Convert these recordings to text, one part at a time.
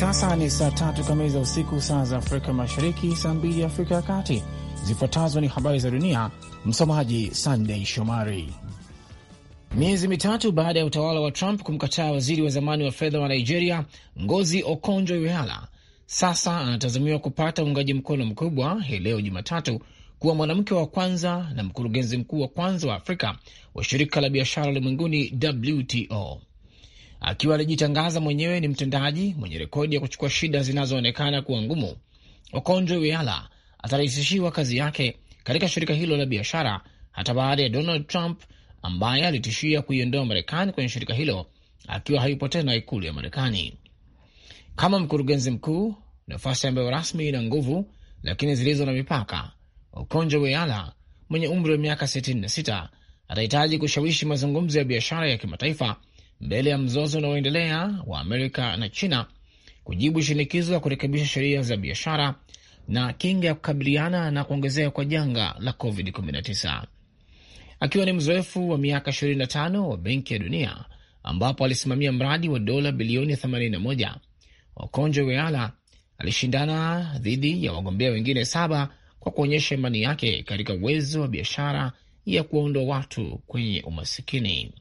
sasa ni saa tatu kamili za usiku, saa za Afrika Mashariki, saa mbili ya Afrika ya Kati. Zifuatazo ni habari za dunia, msomaji Sandei Shomari. Miezi mitatu baada ya utawala wa Trump kumkataa waziri wa zamani wa fedha wa Nigeria Ngozi Okonjo-Iweala, sasa anatazamiwa kupata uungaji mkono mkubwa hii leo Jumatatu kuwa mwanamke wa kwanza na mkurugenzi mkuu wa kwanza wa Afrika wa shirika la biashara ulimwenguni WTO akiwa alijitangaza mwenyewe ni mtendaji mwenye rekodi ya kuchukua shida zinazoonekana kuwa ngumu. Okonjo Iweala atarahisishiwa kazi yake katika shirika hilo la biashara hata baada ya Donald Trump ambaye alitishia kuiondoa Marekani kwenye shirika hilo akiwa hayupo tena ikulu ya Marekani. Kama mkurugenzi mkuu, nafasi ambayo rasmi ina nguvu lakini zilizo na mipaka, Okonjo Iweala mwenye umri wa miaka 66 atahitaji kushawishi mazungumzo ya biashara ya kimataifa mbele ya mzozo unaoendelea wa Amerika na China kujibu shinikizo la kurekebisha sheria za biashara na kinga ya kukabiliana na kuongezeka kwa janga la COVID-19. Akiwa ni mzoefu wa miaka 25 wa Benki ya Dunia ambapo alisimamia mradi wa dola bilioni 81, Okonjo Weala alishindana dhidi ya wagombea wengine saba kwa kuonyesha imani yake katika uwezo wa biashara ya kuwaondoa watu kwenye umasikini.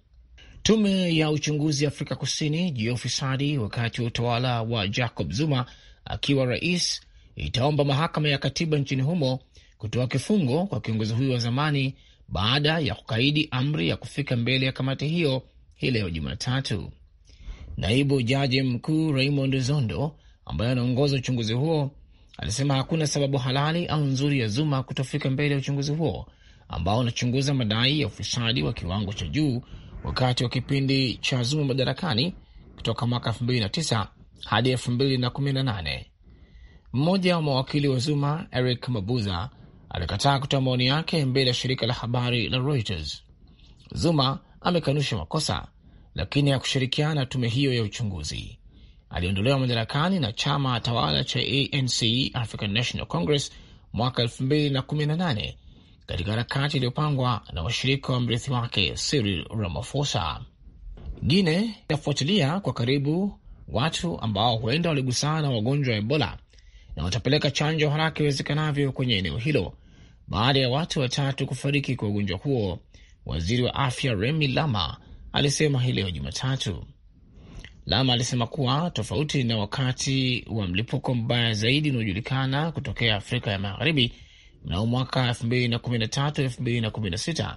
Tume ya uchunguzi ya Afrika Kusini juu ya ufisadi wakati wa utawala wa Jacob Zuma akiwa rais itaomba mahakama ya katiba nchini humo kutoa kifungo kwa kiongozi huyo wa zamani baada ya kukaidi amri ya kufika mbele ya kamati hiyo hii leo Jumatatu. Naibu jaji mkuu Raymond Zondo ambaye anaongoza uchunguzi huo alisema hakuna sababu halali au nzuri ya Zuma kutofika mbele ya uchunguzi huo ambao unachunguza madai ya ufisadi wa kiwango cha juu wakati wa kipindi cha Zuma madarakani kutoka mwaka 2009 hadi 2018. Mmoja wa mawakili wa Zuma, Eric Mabuza, alikataa kutoa maoni yake mbele ya shirika la habari la Reuters. Zuma amekanusha makosa lakini hakushirikiana na tume hiyo ya uchunguzi. Aliondolewa madarakani na chama tawala cha ANC, African National Congress, mwaka 218 katika harakati iliyopangwa na washirika wa mrithi wake Cyril Ramaphosa. Guine inafuatilia kwa karibu watu ambao huenda waligusana na wagonjwa wa Ebola na watapeleka chanjo haraka iwezekanavyo kwenye eneo hilo baada ya watu watatu kufariki kwa ugonjwa huo. Waziri wa afya Remi Lama alisema hii leo Jumatatu. Lama alisema kuwa tofauti na wakati wa mlipuko mbaya zaidi unaojulikana kutokea Afrika ya Magharibi Mnamo mwaka 2013 2016,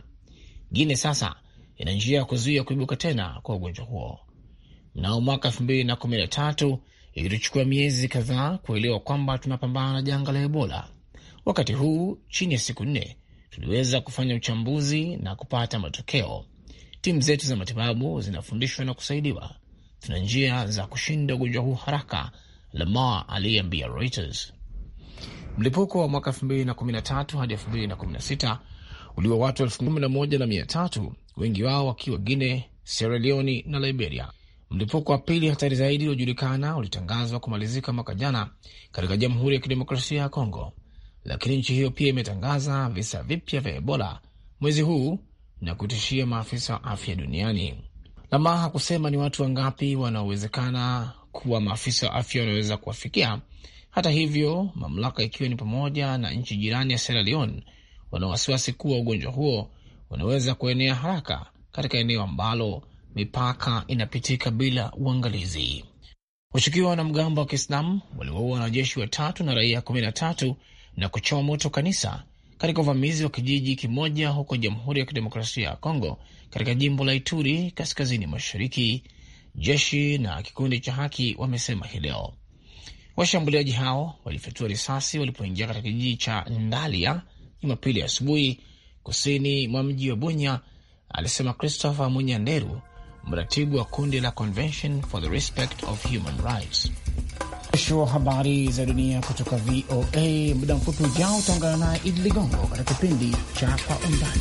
Guine sasa ina njia ya kuzuia kuibuka tena kwa ugonjwa huo. Mnamo mwaka 2013 ilichukua miezi kadhaa kuelewa kwamba tunapambana na janga la Ebola. Wakati huu chini ya siku nne tuliweza kufanya uchambuzi na kupata matokeo. Timu zetu za matibabu zinafundishwa na kusaidiwa. Tuna njia za kushinda ugonjwa huu haraka, Lamar aliyeambia Reuters. Mlipuko wa mwaka 2013 hadi 2016 uliwa watu 11,300 wengi wao wakiwa guine Sierra Leone na Liberia. Mlipuko wa pili hatari zaidi uliojulikana ulitangazwa kumalizika mwaka jana katika Jamhuri ya Kidemokrasia ya Kongo, lakini nchi hiyo pia imetangaza visa vipya vya Ebola mwezi huu na kutishia maafisa wa afya duniani. Lama hakusema ni watu wangapi wanaowezekana kuwa maafisa wa afya wanaweza kuwafikia, hata hivyo, mamlaka ikiwa ni pamoja na nchi jirani ya Sierra Leone wana wasiwasi kuwa ugonjwa huo unaweza kuenea haraka katika eneo ambalo mipaka inapitika bila uangalizi. Washukiwa wanamgambo wa Kiislamu waliwaua wanajeshi watatu na raia kumi na tatu na kuchoma moto kanisa katika uvamizi wa kijiji kimoja huko Jamhuri ya Kidemokrasia ya Kongo, katika jimbo la Ituri kaskazini mashariki, jeshi na kikundi cha haki wamesema hii leo. Washambuliaji hao walifyatua risasi walipoingia katika kijiji cha Ndalia Jumapili asubuhi kusini mwa mji wa Bunya, alisema Christopher Munyanderu, mratibu wa kundi la Convention for the Respect of Human Rights. Mwisho wa habari za dunia kutoka VOA. Muda mfupi ujao utaungana naye Idi Ligongo katika kipindi cha Kwa Undani.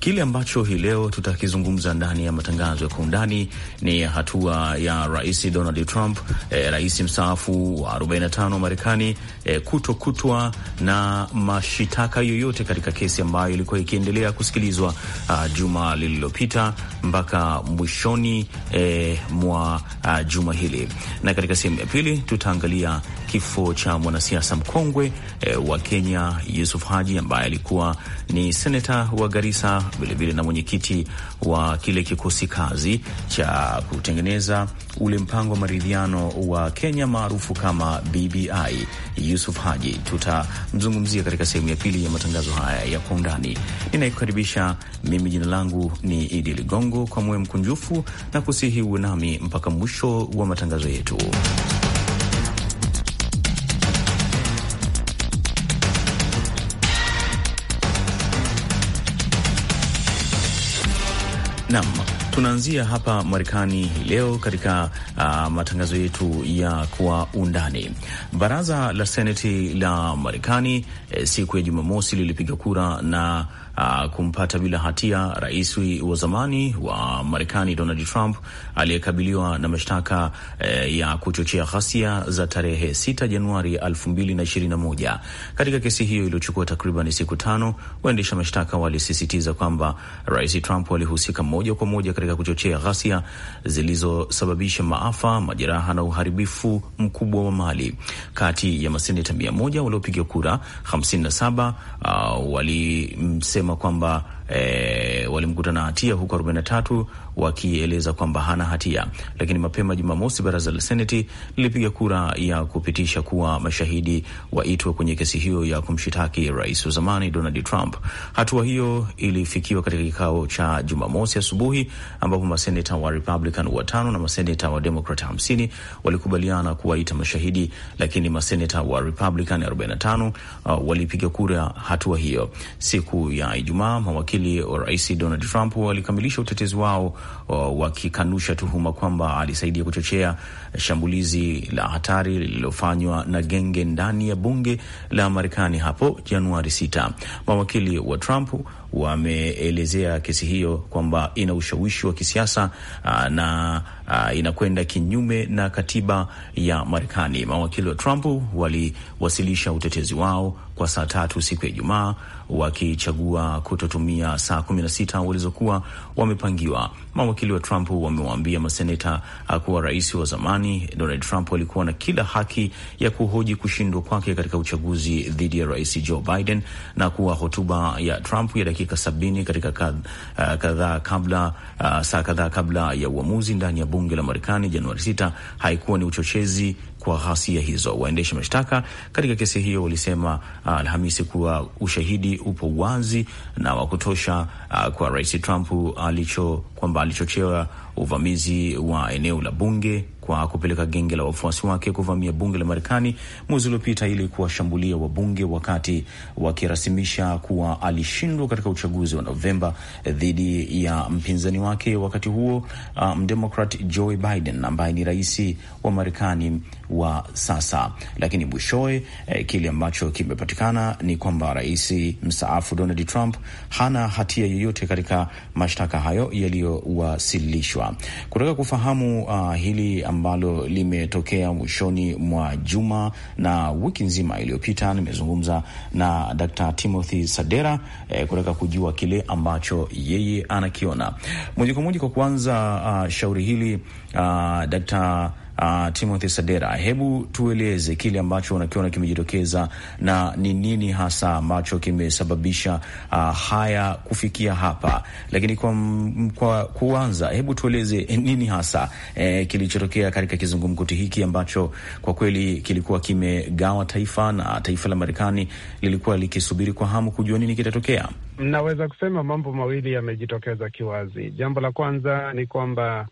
Kile ambacho hii leo tutakizungumza ndani ya matangazo ya kwa undani ni hatua ya Rais Donald Trump, eh, rais mstaafu wa 45 wa Marekani, eh, kutokutwa na mashitaka yoyote katika kesi ambayo ilikuwa ikiendelea kusikilizwa uh, juma lililopita mpaka mwishoni eh, mwa uh, juma hili, na katika sehemu ya pili tutaangalia kifo cha mwanasiasa mkongwe e, wa Kenya Yusuf Haji ambaye alikuwa ni seneta wa Garissa, vilevile na mwenyekiti wa kile kikosi kazi cha kutengeneza ule mpango wa maridhiano wa Kenya maarufu kama BBI. Yusuf Haji tutamzungumzia katika sehemu ya pili ya matangazo haya ya kwa undani. Ninayekukaribisha mimi, jina langu ni Idi Ligongo, kwa moyo mkunjufu na kusihi uwe nami mpaka mwisho wa matangazo yetu. Nam, tunaanzia hapa Marekani hii leo katika uh, matangazo yetu ya kwa undani. Baraza la Seneti la Marekani eh, siku ya Jumamosi lilipiga kura na uh, kumpata bila hatia rais wa zamani wa Marekani Donald Trump aliyekabiliwa na mashtaka eh, ya kuchochea ghasia za tarehe 6 Januari 2021. Katika kesi hiyo iliyochukua takriban siku tano, waendesha mashtaka walisisitiza kwamba rais Trump alihusika moja kwa moja katika kuchochea ghasia zilizosababisha maafa, majeraha na uharibifu mkubwa wa mali. Kati ya maseneta 100 waliopiga kura 57 uh, ah, walimsema kusema kwamba e, walimkuta na hatia huku 43 wakieleza kwamba hana hatia. Lakini mapema Jumamosi, baraza la Seneti lilipiga kura ya kupitisha kuwa mashahidi waitwe kwenye kesi hiyo ya kumshitaki rais wa zamani Donald Trump. Hatua hiyo ilifikiwa katika kikao cha Jumamosi asubuhi ambapo maseneta wa Republican watano na maseneta wa Democrat 50 walikubaliana kuwaita mashahidi, lakini maseneta wa Republican 45 uh, walipiga kura hatua hiyo siku ya Ijumaa mawakili wakili wa rais Donald Trump walikamilisha utetezi wao uh, wakikanusha tuhuma kwamba alisaidia kuchochea shambulizi la hatari lililofanywa na genge ndani ya bunge la Marekani hapo Januari 6. Mawakili wa Trump wameelezea kesi hiyo kwamba ina ushawishi wa kisiasa uh, na uh, inakwenda kinyume na katiba ya Marekani. Mawakili wa Trump waliwasilisha utetezi wao kwa saa tatu siku ya Ijumaa wakichagua kutotumia saa 16 walizokuwa wamepangiwa. Mawakili wa Trump wamewaambia maseneta ah, kuwa rais wa zamani Donald Trump alikuwa na kila haki ya kuhoji kushindwa kwake katika uchaguzi dhidi ya rais Joe Biden na kuwa hotuba ya Trump ya dakika sabini katika ah, kadhaa kabla, uh, saa kadhaa kabla ya uamuzi ndani ya bunge la Marekani Januari 6 haikuwa ni uchochezi kwa ghasia hizo. Waendesha mashtaka katika kesi hiyo walisema uh, Alhamisi kuwa ushahidi upo wazi na wa kutosha uh, kwa Rais Trump uh, alicho kwamba alichochewa uvamizi wa eneo la bunge kwa kupeleka genge la wafuasi wake kuvamia bunge la Marekani mwezi uliopita ili kuwashambulia wabunge wakati wakirasimisha kuwa alishindwa katika uchaguzi wa Novemba eh, dhidi ya mpinzani wake wakati huo mdemokrat um, Joe Biden ambaye ni rais wa Marekani wa sasa. Lakini mwishowe eh, kile ambacho kimepatikana ni kwamba rais mstaafu Donald Trump hana hatia yoyote katika mashtaka hayo yaliyowasilishwa kuhamishwa. Kutaka kufahamu uh, hili ambalo limetokea mwishoni mwa juma na wiki nzima iliyopita, nimezungumza na Dkt. Timothy Sadera eh, kutaka kujua kile ambacho yeye anakiona moja kwa moja. Kwa kuanza uh, shauri hili uh, uh, Timothy Sadera, hebu tueleze kile ambacho unakiona kimejitokeza na ni nini hasa ambacho kimesababisha uh, haya kufikia hapa. Lakini kwa, kwa kuanza, hebu tueleze nini hasa eh, kilichotokea katika kizungumkuti hiki ambacho kwa kweli kilikuwa kimegawa taifa na taifa la Marekani lilikuwa likisubiri kwa hamu kujua nini kitatokea. Naweza kusema mambo mawili yamejitokeza kiwazi. Jambo la kwanza ni kwamba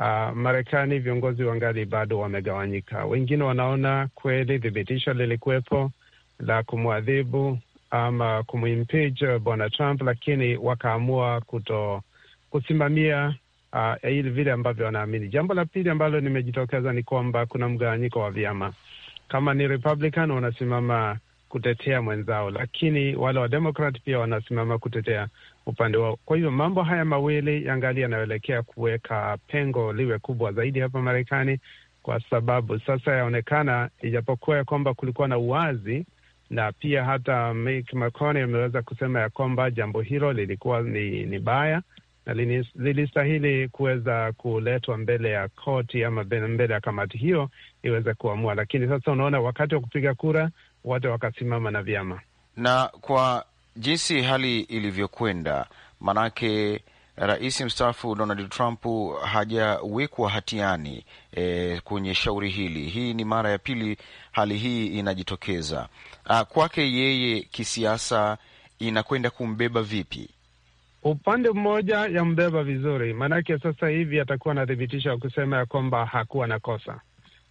uh, Marekani viongozi wangali bado wamegawanyika. Wengine wanaona kweli thibitisho lilikuwepo la kumwadhibu ama kumwimpeach eh, bwana Trump, lakini wakaamua kuto kusimamia uh, ili vile ambavyo wanaamini. Jambo la pili ambalo nimejitokeza ni kwamba kuna mgawanyiko wa vyama. Kama ni Republican wanasimama kutetea mwenzao, lakini wale wademokrat pia wanasimama kutetea upande wao. Kwa hivyo mambo haya mawili yangali yanaelekea kuweka pengo liwe kubwa zaidi hapa Marekani, kwa sababu sasa yaonekana, ijapokuwa ya kwamba kulikuwa na uwazi na pia hata McConnell ameweza kusema ya kwamba jambo hilo lilikuwa ni, ni baya na lilistahili kuweza kuletwa mbele ya koti ama mbele ya kamati hiyo iweze kuamua. Lakini sasa unaona, wakati wa kupiga kura wote wakasimama na vyama. Na kwa jinsi hali ilivyokwenda, manake rais mstaafu Donald Trump hajawekwa hatiani e, kwenye shauri hili. Hii ni mara ya pili hali hii inajitokeza kwake. Yeye kisiasa inakwenda kumbeba vipi? Upande mmoja yambeba vizuri, maanake sasa hivi atakuwa anathibitisha kusema ya kwamba hakuwa na kosa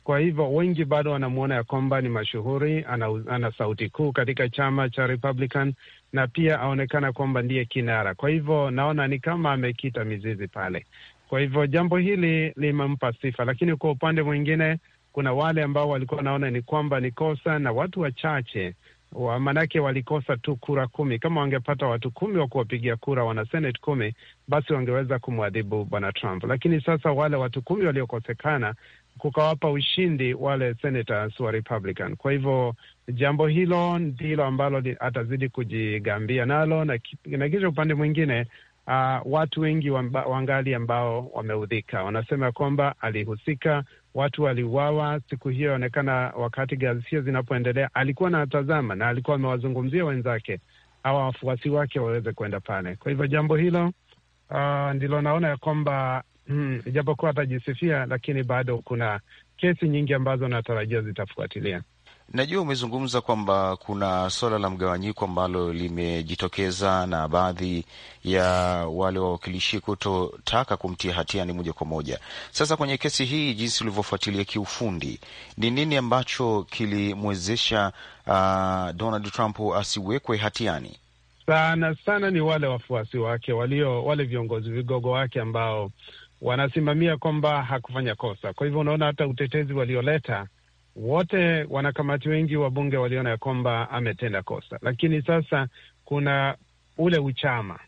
kwa hivyo wengi bado wanamwona ya kwamba ni mashuhuri, ana, ana sauti kuu katika chama cha Republican na pia aonekana kwamba ndiye kinara. Kwa hivyo naona ni kama amekita mizizi pale. Kwa hivyo jambo hili limempa sifa, lakini kwa upande mwingine kuna wale ambao walikuwa wanaona ni kwamba ni kosa na watu wachache wa manake walikosa tu kura kumi. Kama wangepata watu kumi wa kuwapigia kura, wana senate kumi, basi wangeweza kumwadhibu bwana Trump. Lakini sasa wale watu kumi waliokosekana kukawapa ushindi wale senators wa Republican. Kwa hivyo jambo hilo ndilo ambalo atazidi kujigambia nalo na, na kisha upande mwingine Uh, watu wengi wangali ambao wameudhika wanasema kwamba alihusika, watu waliuawa siku hiyo. aonekana wakati ghasia zinapoendelea, alikuwa anatazama na alikuwa amewazungumzia wenzake awa wafuasi wake waweze kwenda pale. Kwa hivyo jambo hilo uh, ndilo naona ya kwamba mm, ijapokuwa atajisifia, lakini bado kuna kesi nyingi ambazo natarajia zitafuatilia. Najua umezungumza kwamba kuna suala la mgawanyiko ambalo limejitokeza na baadhi ya wale wawakilishi kutotaka kumtia hatiani moja kwa moja. Sasa kwenye kesi hii, jinsi ulivyofuatilia kiufundi, ni nini ambacho kilimwezesha uh, Donald Trump asiwekwe hatiani? Sana sana ni wale wafuasi wake walio, wale viongozi vigogo wake ambao wanasimamia kwamba hakufanya kosa. Kwa hivyo unaona hata utetezi walioleta wote, wanakamati wengi wa bunge waliona ya kwamba ametenda kosa, lakini sasa kuna ule uchama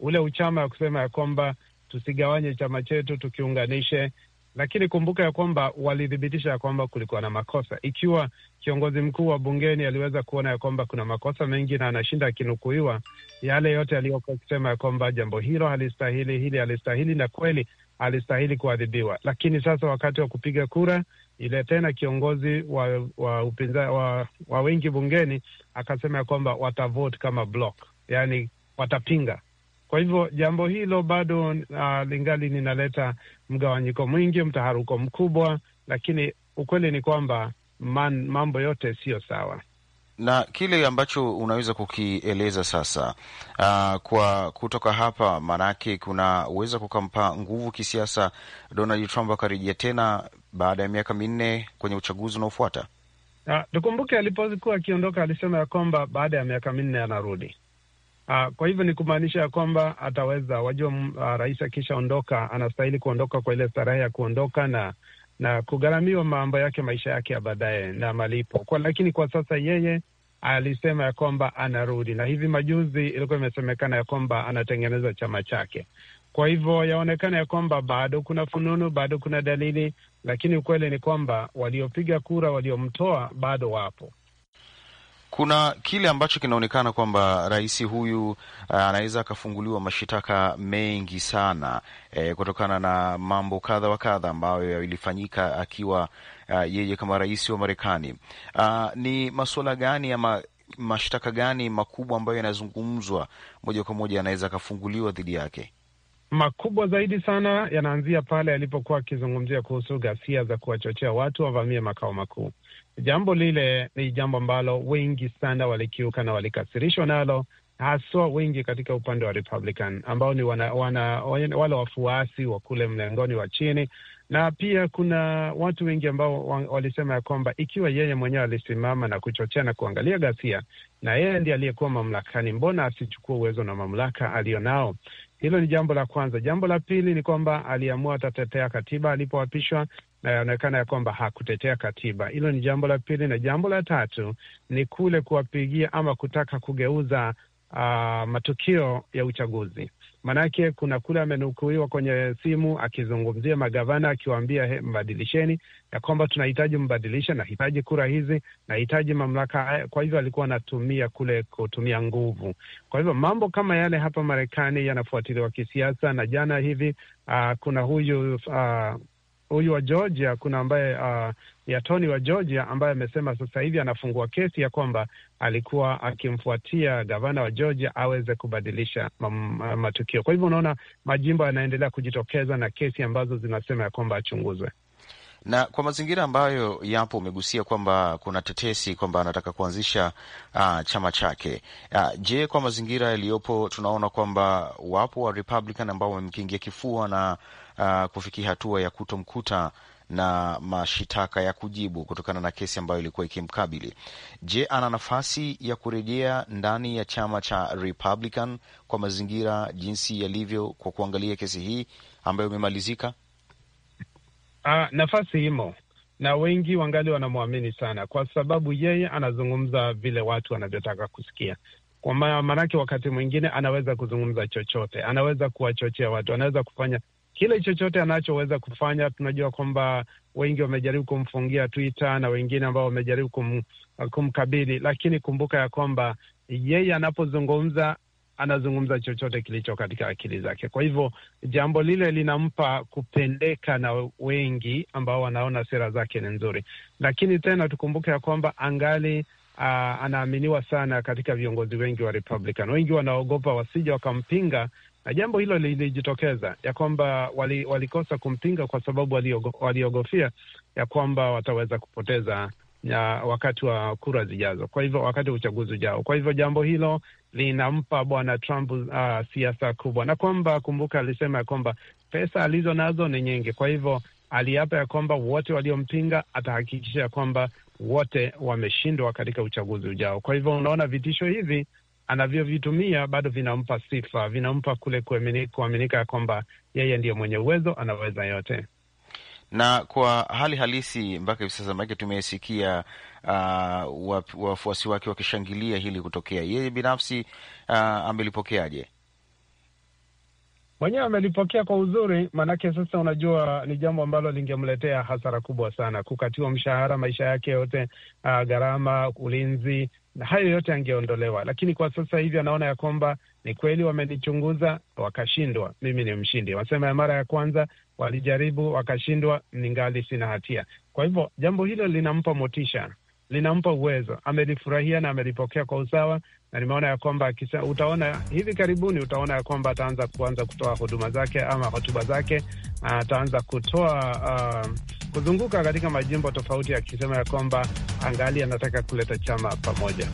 ule uchama wa kusema ya kwamba tusigawanye chama chetu, tukiunganishe lakini kumbuka ya kwamba walithibitisha ya kwamba kulikuwa na makosa. Ikiwa kiongozi mkuu wa bungeni aliweza kuona ya kwamba kuna makosa mengi na anashinda akinukuiwa yale yote aliyokuwa akisema ya kwamba jambo hilo halistahili, hili halistahili, na kweli alistahili kuadhibiwa. Lakini sasa wakati wa kupiga kura ile tena kiongozi wa wa, upinza, wa, wa wengi bungeni akasema ya kwamba watavote kama block, yani watapinga kwa hivyo jambo hilo bado uh, lingali linaleta mgawanyiko mwingi, mtaharuko mkubwa, lakini ukweli ni kwamba man, mambo yote siyo sawa na kile ambacho unaweza kukieleza sasa, uh, kwa kutoka hapa, maanake kunaweza kukampa nguvu kisiasa Donald Trump akarejea tena baada ya miaka minne kwenye uchaguzi unaofuata. Ah, tukumbuke alipokuwa akiondoka alisema ya kwamba baada ya miaka minne anarudi. Uh, kwa hivyo ni kumaanisha ya kwamba ataweza wajua, uh, rais akishaondoka anastahili kuondoka kwa ile starehe ya kuondoka na na kugharamiwa mambo yake maisha yake ya baadaye na malipo kwa, lakini kwa sasa yeye alisema ya kwamba anarudi, na hivi majuzi ilikuwa imesemekana ya kwamba anatengeneza chama chake. Kwa hivyo yaonekana ya kwamba bado kuna fununu, bado kuna dalili, lakini ukweli ni kwamba waliopiga kura waliomtoa bado wapo kuna kile ambacho kinaonekana kwamba rais huyu eh, anaweza akafunguliwa mashitaka mengi sana e, kutokana na mambo kadha wa kadha ambayo ilifanyika akiwa a, eh, yeye kama rais wa Marekani. Ah, ni masuala gani ama mashtaka gani makubwa ambayo yanazungumzwa moja kwa moja yanaweza akafunguliwa dhidi yake? Makubwa zaidi sana yanaanzia pale alipokuwa akizungumzia kuhusu ghasia za kuwachochea watu wavamie makao makuu Jambo lile ni jambo ambalo wengi sana walikiuka na walikasirishwa nalo, haswa wengi katika upande wa Republican ambao ni wana, wana, wale wafuasi wa kule mlengoni wa chini, na pia kuna watu wengi ambao walisema ya kwamba ikiwa yeye mwenyewe alisimama na kuchochea na kuangalia ghasia, na yeye ndiye aliyekuwa mamlakani, mbona asichukua uwezo na mamlaka alionao? Hilo ni jambo la kwanza. Jambo la pili ni kwamba aliamua atatetea katiba alipoapishwa, na yaonekana ya kwamba hakutetea katiba. Hilo ni jambo la pili, na jambo la tatu ni kule kuwapigia ama kutaka kugeuza uh, matukio ya uchaguzi. Maanake kuna kule amenukuiwa kwenye simu akizungumzia magavana akiwaambia, mbadilisheni, ya kwamba tunahitaji mbadilishe, nahitaji kura hizi, nahitaji mamlaka. Kwa hivyo alikuwa anatumia kule kutumia nguvu. Kwa hivyo mambo kama yale hapa Marekani yanafuatiliwa kisiasa, na jana hivi uh, kuna huyu uh, huyu wa Georgia kuna ambaye uh, Yatoni wa Georgia ambaye amesema sasa hivi anafungua kesi ya kwamba alikuwa akimfuatia gavana wa Georgia aweze kubadilisha uh, matukio. Kwa hivyo unaona majimbo yanaendelea kujitokeza na kesi ambazo zinasema ya kwamba achunguzwe na kwa mazingira ambayo yapo, umegusia kwamba kuna tetesi kwamba anataka kuanzisha uh, chama chake. Uh, je, kwa mazingira yaliyopo tunaona kwamba wapo wa Republican ambao wamemkingia kifua na uh, kufikia hatua ya kutomkuta na mashitaka ya kujibu kutokana na kesi ambayo ilikuwa ikimkabili. Je, ana nafasi ya kurejea ndani ya chama cha Republican kwa mazingira jinsi yalivyo kwa kuangalia kesi hii ambayo imemalizika? Ah, nafasi imo na wengi wangali wanamwamini sana, kwa sababu yeye anazungumza vile watu wanavyotaka kusikia. Kwa maanake wakati mwingine anaweza kuzungumza chochote, anaweza kuwachochea watu, anaweza kufanya kile chochote anachoweza kufanya. Tunajua kwamba wengi wamejaribu kumfungia Twitter na wengine ambao wamejaribu kum, kumkabili, lakini kumbuka ya kwamba yeye anapozungumza anazungumza chochote kilicho katika akili zake. Kwa hivyo jambo lile linampa kupendeka na wengi ambao wanaona sera zake ni nzuri, lakini tena tukumbuke ya kwamba angali uh, anaaminiwa sana katika viongozi wengi wa Republican. Wengi wanaogopa wasija wakampinga na jambo hilo lilijitokeza ya kwamba wali, walikosa kumpinga kwa sababu waliogofia wali ya kwamba wataweza kupoteza ya wakati wa kura zijazo, kwa hivyo wakati wa uchaguzi ujao. Kwa hivyo jambo hilo linampa bwana Trump uh, siasa kubwa, na kwamba kumbuka, alisema ya kwamba pesa alizo nazo ni nyingi, kwa hivyo aliapa ya kwamba wote waliompinga atahakikisha ya kwamba wote wameshindwa katika uchaguzi ujao. Kwa hivyo unaona vitisho hivi anavyovitumia bado vinampa sifa, vinampa kule kuaminika ya kwamba yeye ndiye mwenye uwezo, anaweza yote. Na kwa hali halisi mpaka hivi sasa, maake tumesikia uh, wafuasi wake wakishangilia hili kutokea, yeye binafsi uh, amelipokeaje? Mwenyewe amelipokea kwa uzuri, maanake sasa, unajua ni jambo ambalo lingemletea hasara kubwa sana, kukatiwa mshahara, maisha yake yote, uh, gharama, ulinzi na hayo yote yangeondolewa, lakini kwa sasa hivi anaona ya kwamba ni kweli wamenichunguza wakashindwa, mimi ni mshindi. Wasema ya mara ya kwanza walijaribu wakashindwa, ningali sina hatia. Kwa hivyo jambo hilo linampa motisha, linampa uwezo, amelifurahia na amelipokea kwa usawa, na nimeona ya kwamba utaona hivi karibuni, utaona ya kwamba ataanza kuanza kutoa huduma zake ama hotuba zake, ataanza kutoa uh, kuzunguka katika majimbo tofauti akisema ya kwamba angali anataka kuleta chama pamoja.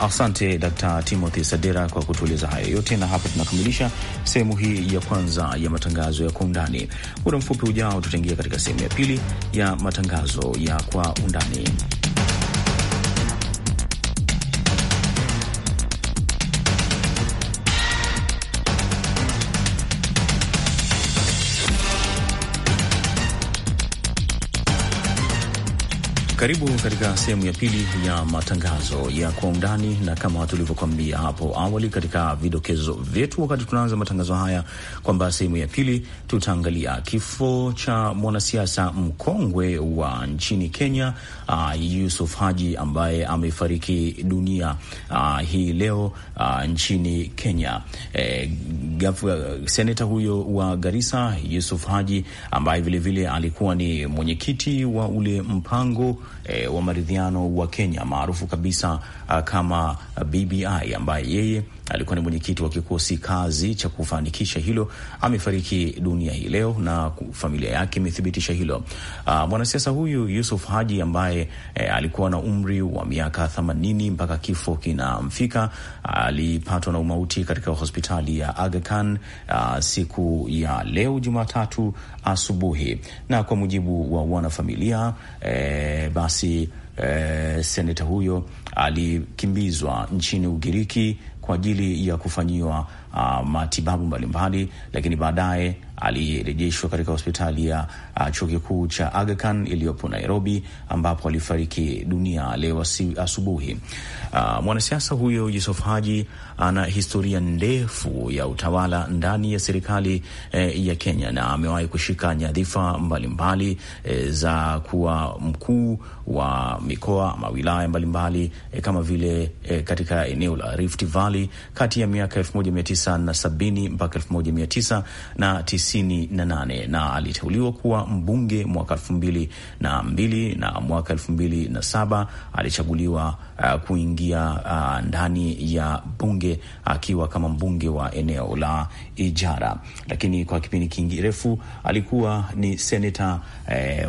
Asante Dkt Timothy Sadera kwa kutueleza hayo yote, na hapa tunakamilisha sehemu hii ya kwanza ya matangazo ya kwa undani. Muda mfupi ujao, tutaingia katika sehemu ya pili ya matangazo ya kwa undani. Karibu katika sehemu ya pili ya matangazo ya kwa undani, na kama tulivyokuambia hapo awali katika vidokezo vyetu wakati tunaanza matangazo haya kwamba sehemu ya pili tutaangalia kifo cha mwanasiasa mkongwe wa nchini Kenya, uh, Yusuf Haji ambaye amefariki dunia uh, hii leo uh, nchini Kenya. E, uh, seneta huyo wa Garissa Yusuf Haji ambaye vilevile alikuwa ni mwenyekiti wa ule mpango e, wa maridhiano wa Kenya maarufu kabisa a, ah, kama ah, BBI ambaye yeye alikuwa ni mwenyekiti wa kikosi kazi cha kufanikisha hilo, amefariki dunia hii leo na familia yake imethibitisha hilo. Ah, mwanasiasa huyu Yusuf Haji ambaye e, alikuwa na umri wa miaka 80 mpaka kifo kinamfika, alipatwa na umauti katika hospitali ya Aga Khan a, ah, siku ya leo Jumatatu asubuhi, na kwa mujibu wa wanafamilia e, basi e, seneta huyo alikimbizwa nchini Ugiriki kwa ajili ya kufanyiwa uh, matibabu mbalimbali, lakini baadaye alirejeshwa katika hospitali ya uh, chuo kikuu cha Aga Khan iliyopo Nairobi, ambapo alifariki dunia leo asubuhi. Uh, mwanasiasa huyo Yusuf Haji ana historia ndefu ya utawala ndani ya serikali eh, ya Kenya na amewahi kushika nyadhifa mbalimbali eh, za kuwa mkuu wa mikoa ama wilaya mbalimbali eh, kama vile eh, katika eneo la Rift Valley kati ya miaka 1970 mpaka 1998 na aliteuliwa kuwa mbunge mwaka elfu mbili na mbili na mwaka elfu mbili na saba alichaguliwa uh, kuingia uh, ndani ya bunge akiwa uh, kama mbunge wa eneo la Ijara, lakini kwa kipindi kirefu alikuwa ni seneta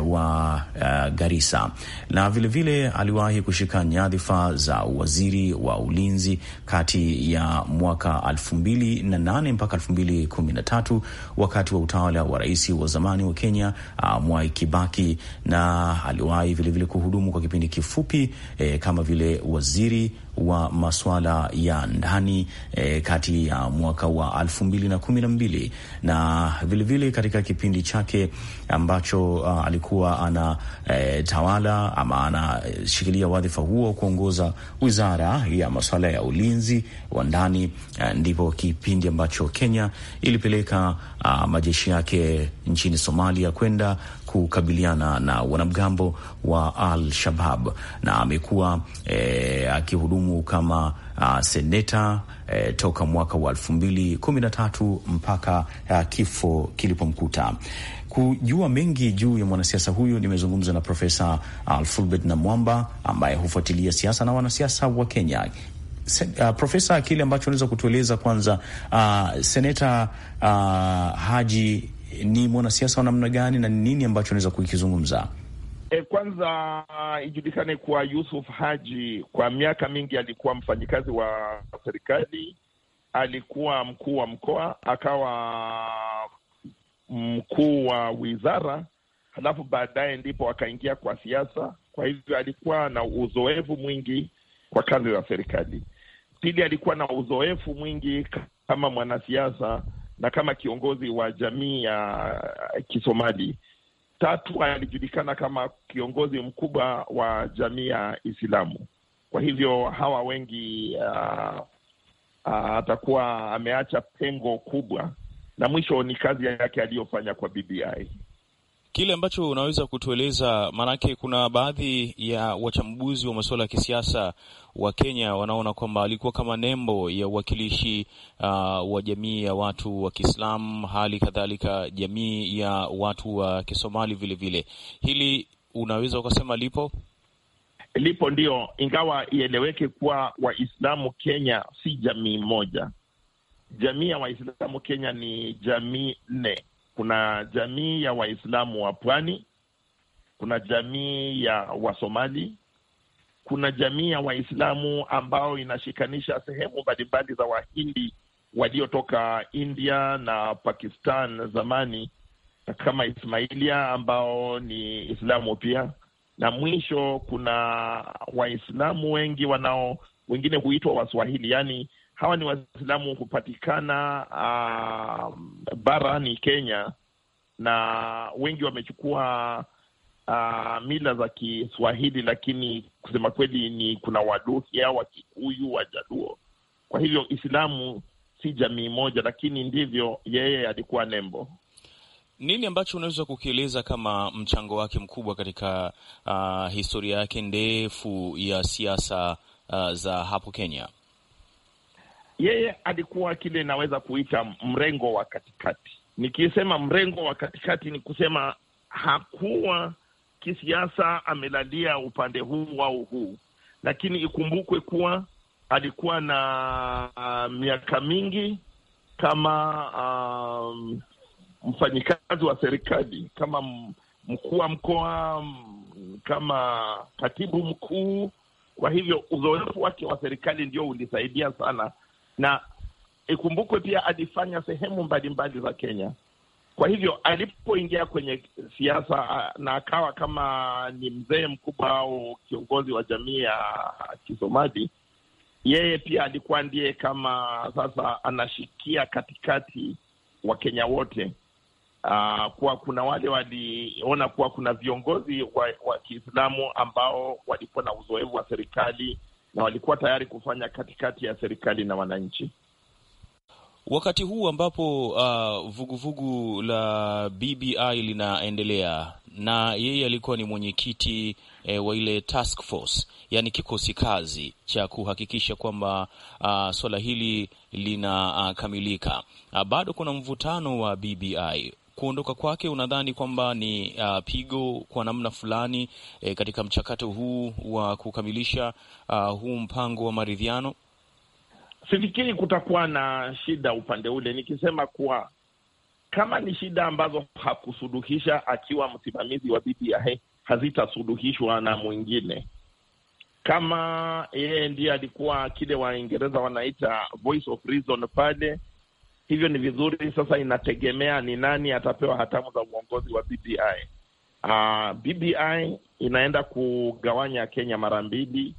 uh, wa uh, Garissa na vilevile aliwahi kushika nyadhifa za waziri wa ulinzi kati ya mwaka elfu mbili na nane mpaka elfu mbili kumi na tatu wakati wa utawala wa rais wa zamani wa Kenya uh, Mwai Kibaki, na aliwahi vilevile kuhudumu kwa kipindi kifupi eh, kama vile waziri wa maswala ya ndani e, kati ya mwaka wa elfu mbili na kumi na mbili na vilevile katika kipindi chake ambacho a, alikuwa ana e, tawala ama anashikilia e, wadhifa huo kuongoza wizara ya maswala ya ulinzi wa ndani e, ndipo kipindi ambacho Kenya ilipeleka majeshi yake nchini Somalia kwenda kukabiliana na wanamgambo wa Al Shabab na amekuwa e, akihudumu kama a, ah, seneta e, toka mwaka wa elfu mbili kumi na tatu mpaka a, ah, kifo kilipomkuta. Kujua mengi juu ya mwanasiasa huyu nimezungumza na Profesa Alfulbert Namwamba ambaye hufuatilia siasa na wanasiasa wa Kenya. Uh, Profesa, kile ambacho unaweza kutueleza kwanza, uh, seneta uh, Haji ni mwanasiasa wa namna gani na ni nini ambacho unaweza kukizungumza? E, kwanza uh, ijulikane kuwa Yusuf Haji kwa miaka mingi alikuwa mfanyikazi wa serikali, alikuwa mkuu wa mkoa, akawa mkuu wa wizara, halafu baadaye ndipo akaingia kwa siasa. Kwa hivyo alikuwa na uzoefu mwingi kwa kazi za serikali. Pili, alikuwa na uzoefu mwingi kama mwanasiasa na kama kiongozi wa jamii ya Kisomali. Tatu, alijulikana kama kiongozi mkubwa wa jamii ya Islamu. Kwa hivyo hawa wengi uh, uh, atakuwa ameacha pengo kubwa, na mwisho ni kazi yake aliyofanya kwa BBI kile ambacho unaweza kutueleza, maanake kuna baadhi ya wachambuzi wa masuala ya kisiasa wa Kenya wanaona kwamba alikuwa kama nembo ya uwakilishi uh, wa jamii ya watu wa Kiislamu, hali kadhalika jamii ya watu wa Kisomali vilevile vile. Hili unaweza ukasema lipo lipo, ndio, ingawa ieleweke kuwa Waislamu Kenya si jamii moja. Jamii ya Waislamu Kenya ni jamii nne kuna jamii ya Waislamu wa pwani, kuna jamii ya Wasomali, kuna jamii ya Waislamu ambao inashikanisha sehemu mbalimbali za Wahindi waliotoka India na Pakistan zamani kama Ismailia ambao ni Islamu pia, na mwisho kuna Waislamu wengi wanao wengine huitwa Waswahili, yani hawa ni Waislamu hupatikana um, barani Kenya na wengi wamechukua uh, mila za Kiswahili, lakini kusema kweli ni kuna Waluhya, Wakikuyu, Wajaluo. Kwa hivyo Islamu si jamii moja, lakini ndivyo yeye alikuwa nembo. Nini ambacho unaweza kukieleza kama mchango wake mkubwa katika uh, historia yake ndefu ya siasa uh, za hapo Kenya? yeye alikuwa kile inaweza kuita mrengo wa katikati. Nikisema mrengo wa katikati, ni kusema hakuwa kisiasa amelalia upande huu au huu, lakini ikumbukwe kuwa alikuwa na uh, miaka mingi kama um, mfanyikazi wa serikali, kama mkuu wa mkoa, kama katibu mkuu. Kwa hivyo uzoefu wake wa serikali ndio ulisaidia sana na ikumbukwe pia alifanya sehemu mbalimbali za Kenya. Kwa hivyo alipoingia kwenye siasa uh, na akawa kama ni mzee mkubwa au kiongozi wa jamii ya Kisomali, yeye pia alikuwa ndiye kama sasa anashikia katikati Wakenya wote. Aa, uh, kuwa kuna wale waliona kuwa kuna viongozi wa, wa Kiislamu ambao walikuwa na uzoefu wa serikali na walikuwa tayari kufanya katikati ya serikali na wananchi. Wakati huu ambapo uh, vuguvugu uh, vugu la BBI linaendelea na yeye alikuwa ni mwenyekiti e, wa ile task force, yani kikosi kazi cha kuhakikisha kwamba uh, swala hili linakamilika. Uh, bado kuna mvutano wa BBI kuondoka kwake unadhani kwamba ni uh, pigo kwa namna fulani eh, katika mchakato huu wa kukamilisha uh, huu mpango wa maridhiano? Sifikiri kutakuwa na shida upande ule, nikisema kuwa kama ni shida ambazo hakusuluhisha akiwa msimamizi wa BBI hazitasuluhishwa na mwingine. Kama yeye ndiye alikuwa kile Waingereza wanaita voice of reason pale hivyo ni vizuri. Sasa inategemea ni nani atapewa hatamu za uongozi wa BBI. Uh, ah, BBI inaenda kugawanya Kenya mara mbili.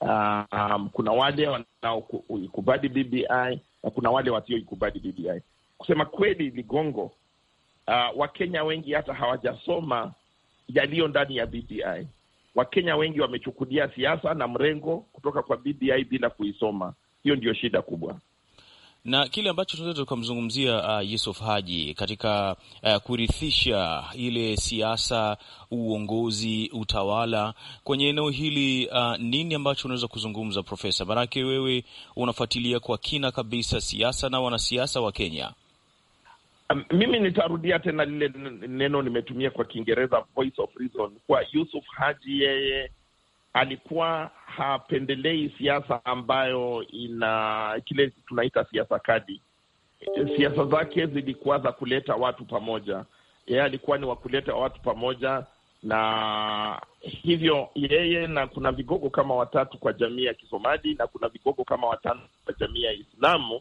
Uh, um, kuna wale wanaoikubali BBI na kuna wale wasioikubali BBI. Kusema kweli, Ligongo, uh, Wakenya wengi hata hawajasoma yaliyo ndani ya BBI. Wakenya wengi wamechukulia siasa na mrengo kutoka kwa BBI bila kuisoma. Hiyo ndiyo shida kubwa na kile ambacho tunaweza tukamzungumzia uh, Yusuf Haji katika uh, kurithisha ile siasa, uongozi, utawala kwenye eneo hili uh, nini ambacho unaweza kuzungumza Profesa? Maanake wewe unafuatilia kwa kina kabisa siasa na wanasiasa wa Kenya. Um, mimi nitarudia tena lile neno nimetumia kwa Kiingereza, voice of reason, kwa Yusuf Haji yeye alikuwa hapendelei siasa ambayo ina kile tunaita siasa kadi. Siasa zake zilikuwa za kuleta watu pamoja, yeye alikuwa ni wa kuleta watu pamoja, na hivyo yeye na kuna vigogo kama watatu kwa jamii ya Kisomali na kuna vigogo kama watano kwa jamii ya Islamu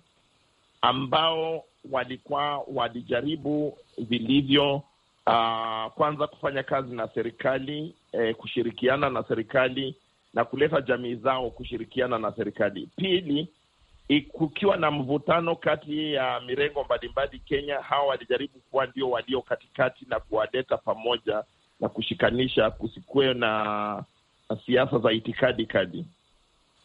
ambao walikuwa walijaribu vilivyo uh, kwanza kufanya kazi na serikali eh, kushirikiana na serikali na kuleta jamii zao kushirikiana na serikali. Pili, kukiwa na mvutano kati ya uh, mirengo mbalimbali Kenya, hawa walijaribu kuwa ndio walio katikati na kuwaleta pamoja na kushikanisha, kusikuwe na siasa za itikadi kali.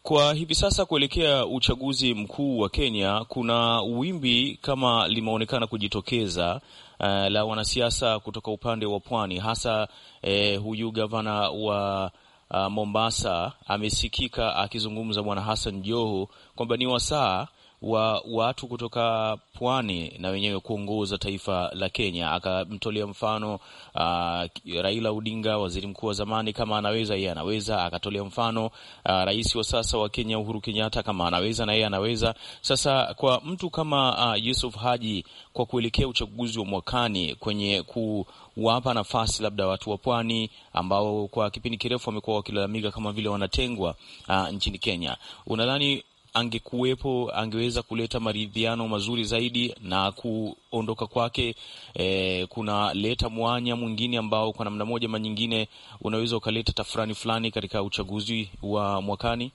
Kwa hivi sasa kuelekea uchaguzi mkuu wa Kenya, kuna wimbi kama limeonekana kujitokeza uh, la wanasiasa kutoka upande wa pwani hasa eh, huyu gavana wa uh, Mombasa amesikika akizungumza Bwana Hassan Joho kwamba ni wasaa wa watu kutoka pwani na wenyewe kuongoza taifa la Kenya. Akamtolea mfano uh, Raila Odinga, waziri mkuu wa zamani, kama anaweza yeye anaweza. Akatolea mfano uh, rais wa sasa wa Kenya Uhuru Kenyatta, kama anaweza na yeye anaweza. Sasa kwa mtu kama uh, Yusuf Haji, kwa kuelekea uchaguzi wa mwakani kwenye ku wapa nafasi labda watu wa pwani ambao kwa kipindi kirefu wamekuwa wakilalamika kama vile wanatengwa uh, nchini Kenya. Unadhani angekuwepo angeweza kuleta maridhiano mazuri zaidi, na kuondoka kwake e, eh, kunaleta mwanya mwingine ambao kwa namna moja ama nyingine unaweza ukaleta tafurani fulani katika uchaguzi wa mwakani.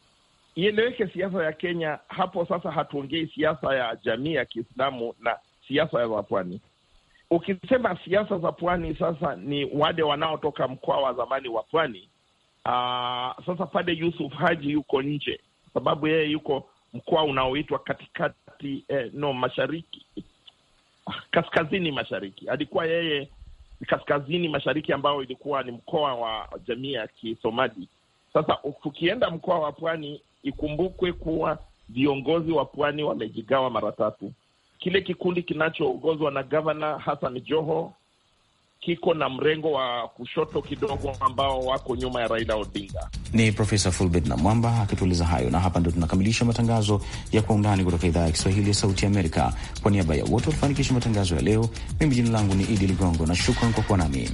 Ieleweke, siasa ya Kenya hapo sasa, hatuongei siasa ya jamii ya Kiislamu na siasa za pwani. Ukisema siasa za pwani sasa ni wale wanaotoka mkoa wa zamani wa pwani. Aa, ah, sasa pale Yusuf Haji yuko nje sababu yeye yuko mkoa unaoitwa katikati eh, no mashariki kaskazini mashariki. Alikuwa yeye kaskazini mashariki, ambao ilikuwa ni mkoa wa jamii ya Kisomali. Sasa tukienda mkoa wa pwani, ikumbukwe kuwa viongozi wa pwani wamejigawa mara tatu. Kile kikundi kinachoongozwa na gavana Hassan Joho kiko na mrengo wa kushoto kidogo ambao wako nyuma ya Raila Odinga. Ni Profesa Fulbert na Mwamba akitueleza hayo, na hapa ndo tunakamilisha matangazo ya Kwa Undani kutoka idhaa ya Kiswahili ya Sauti Amerika. Kwa niaba ya wote walifanikisha matangazo ya leo, mimi jina langu ni Idi Ligongo na shukran kwa kuwa nami.